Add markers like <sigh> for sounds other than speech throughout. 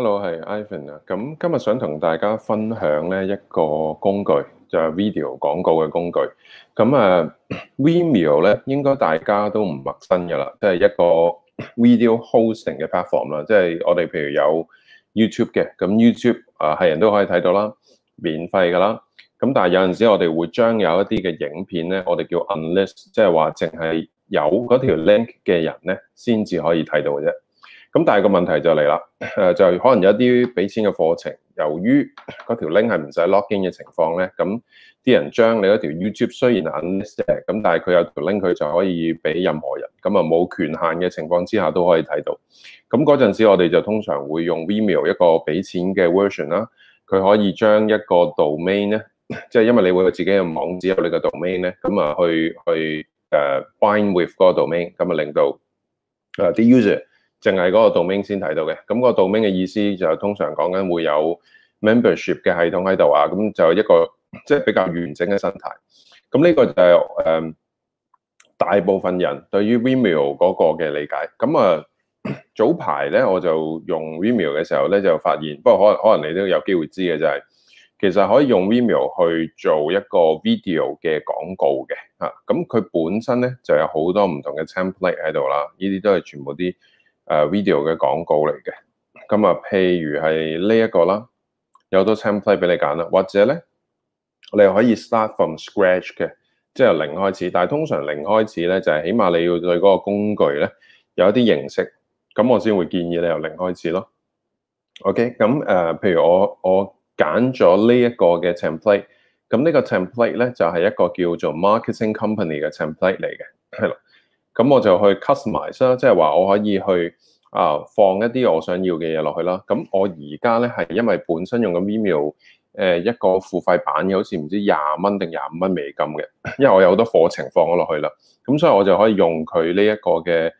Hello，係 Ivan 啊，咁今日想同大家分享咧一個工具，就係 video 廣告嘅工具。咁啊，Video 咧應該大家都唔陌生噶啦，即係一個 video hosting 嘅 platform 啦。即係我哋譬如有 YouTube 嘅，咁 YouTube 啊係人都可以睇到啦，免費噶啦。咁但係有陣時我哋會將有一啲嘅影片咧，我哋叫 unlist，即係話淨係有嗰條 link 嘅人咧，先至可以睇到嘅啫。咁但係個問題就嚟啦，就可能有啲俾錢嘅課程，由於嗰條 link 係唔使 login 嘅情況咧，咁啲人將你嗰條 YouTube 雖然係咁，但係佢有條 link 佢就可以俾任何人，咁啊冇權限嘅情況之下都可以睇到。咁嗰陣時我哋就通常會用 Vimeo 一個俾錢嘅 version 啦，佢可以將一個 domain 咧，即係因為你會有自己嘅網址有你個 domain 咧，咁啊去去誒 bind with 嗰個 domain，咁啊令到啊啲 user。淨係嗰個 domain 先睇到嘅，咁個 domain 嘅意思就係通常講緊會有 membership 嘅系統喺度啊，咁就一個即係比較完整嘅生態。咁呢個就係誒大部分人對於 Vimeo 嗰個嘅理解。咁啊，早排咧我就用 Vimeo 嘅時候咧就發現，不過可能可能你都有機會知嘅就係，其實可以用 Vimeo 去做一個 video 嘅廣告嘅嚇。咁佢本身咧就有好多唔同嘅 template 喺度啦，呢啲都係全部啲。誒 video 嘅廣告嚟嘅，咁啊，譬如係呢一個啦，有好多 template 俾你揀啦，或者咧，你可以 start from scratch 嘅，即係由零開始。但係通常零開始咧，就係、是、起碼你要對嗰個工具咧有一啲認識，咁我先會建議你由零開始咯。OK，咁、呃、譬如我我揀咗呢一個嘅 template，咁呢個 template 咧就係、是、一個叫做 marketing company 嘅 template 嚟嘅，係咯。咁我就去 customize 啦，即係話我可以去啊放一啲我想要嘅嘢落去啦。咁我而家咧係因為本身用嘅 Vimeo 一個付費版嘅，好似唔知廿蚊定廿五蚊美金嘅，因為我有好多課程放咗落去啦。咁所以我就可以用佢呢一個嘅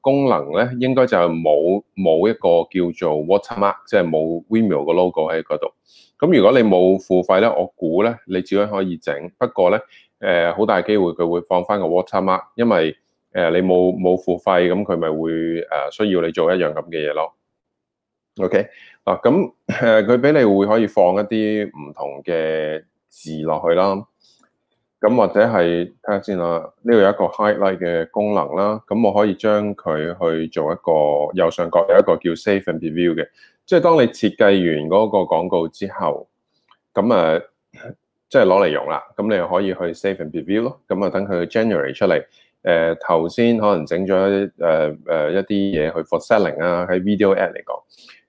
功能咧，應該就冇冇一個叫做 watermark，即係冇 Vimeo 嘅 logo 喺嗰度。咁如果你冇付費咧，我估咧你只要可以可以整，不過咧好大機會佢會放翻個 watermark，因為誒你冇冇付費，咁佢咪會誒需要你做一樣咁嘅嘢咯。OK 啊，咁誒佢俾你會可以放一啲唔同嘅字落去啦。咁或者係睇下先啦。呢度有一個 highlight 嘅功能啦。咁我可以將佢去做一個右上角有一個叫 save and review 嘅。即係當你設計完嗰個廣告之後，咁啊即係攞嚟用啦。咁你又可以去 save and review 咯。咁啊等佢 generate 出嚟。誒頭先可能整咗一啲嘢、呃呃、去 for selling 啊，喺 video ad 嚟講，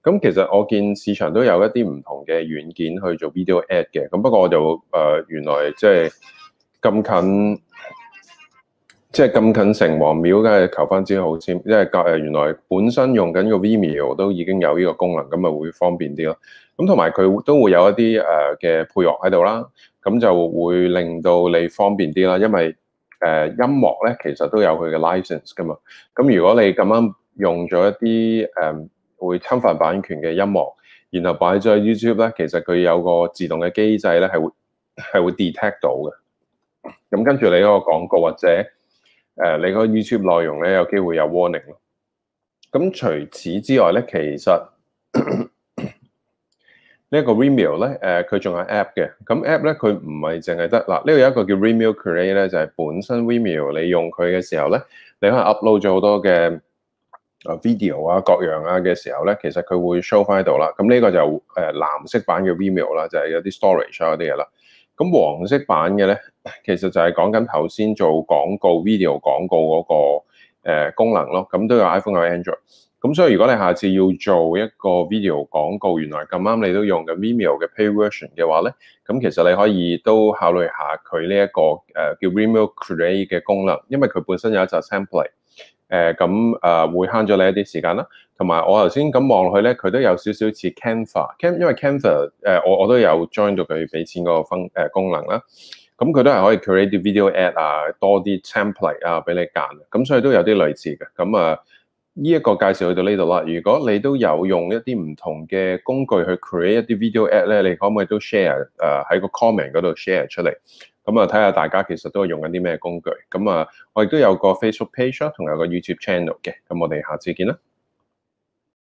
咁其實我見市場都有一啲唔同嘅軟件去做 video ad 嘅，咁不過我就、呃、原來即係咁近，即係咁近城隍廟梗係求翻支好籤，因為原來本身用緊個 Vimeo 都已經有呢個功能，咁咪會方便啲咯。咁同埋佢都會有一啲嘅、呃、配樂喺度啦，咁就會令到你方便啲啦，因為。誒、uh, 音樂咧，其實都有佢嘅 license 㗎嘛。咁如果你咁啱用咗一啲誒、um, 會侵犯版權嘅音樂，然後擺咗喺 YouTube 咧，其實佢有個自動嘅機制咧，係會，係會 detect 到嘅。咁跟住你嗰個廣告或者、uh, 你嗰個 YouTube 內容咧，有機會有 warning 囉。咁除此之外咧，其實。 <coughs> 這呢一個 Vimeo 咧，誒佢仲有 App 嘅，咁 App 咧佢唔係淨係得嗱，呢度有，有一個叫 Vimeo Create 咧，就係本身 Vimeo 你用佢嘅時候咧，你可能 upload 咗好多嘅啊 video 啊各樣啊嘅時候咧，其實佢會 show 翻喺度啦。咁呢個就誒藍色版嘅 Vimeo 啦，就係有啲 storage 啊啲嘢啦。咁黃色版嘅咧，其實就係講緊頭先做廣告 video 廣告嗰個誒功能咯。咁都有 iPhone 有 Android。咁所以如果你下次要做一個 video 廣告，原來咁啱你都用嘅 Vimeo 嘅 pay version 嘅話咧，咁其實你可以都考慮下佢呢一個叫 Vimeo Create 嘅功能，因為佢本身有一集 template 咁、嗯、誒、嗯嗯嗯、會慳咗你一啲時間啦。同埋我頭先咁望落去咧，佢都有少少似 Canva、Can 因為 Canva 我、嗯、我都有 join 咗佢俾錢嗰個分功能啦。咁佢都係可以 create 啲 video ad 啊，多啲 template 啊俾你揀。咁、嗯、所以都有啲類似嘅。咁、嗯、啊～、嗯呢一個介紹去到呢度啦。如果你都有用一啲唔同嘅工具去 create 一啲 video ad 咧，你可唔可以都 share 誒喺個 comment 嗰度 share 出嚟？咁啊，睇下大家其實都係用緊啲咩工具。咁啊，我亦都有個 Facebook page 同有個 YouTube channel 嘅。咁我哋下次見啦。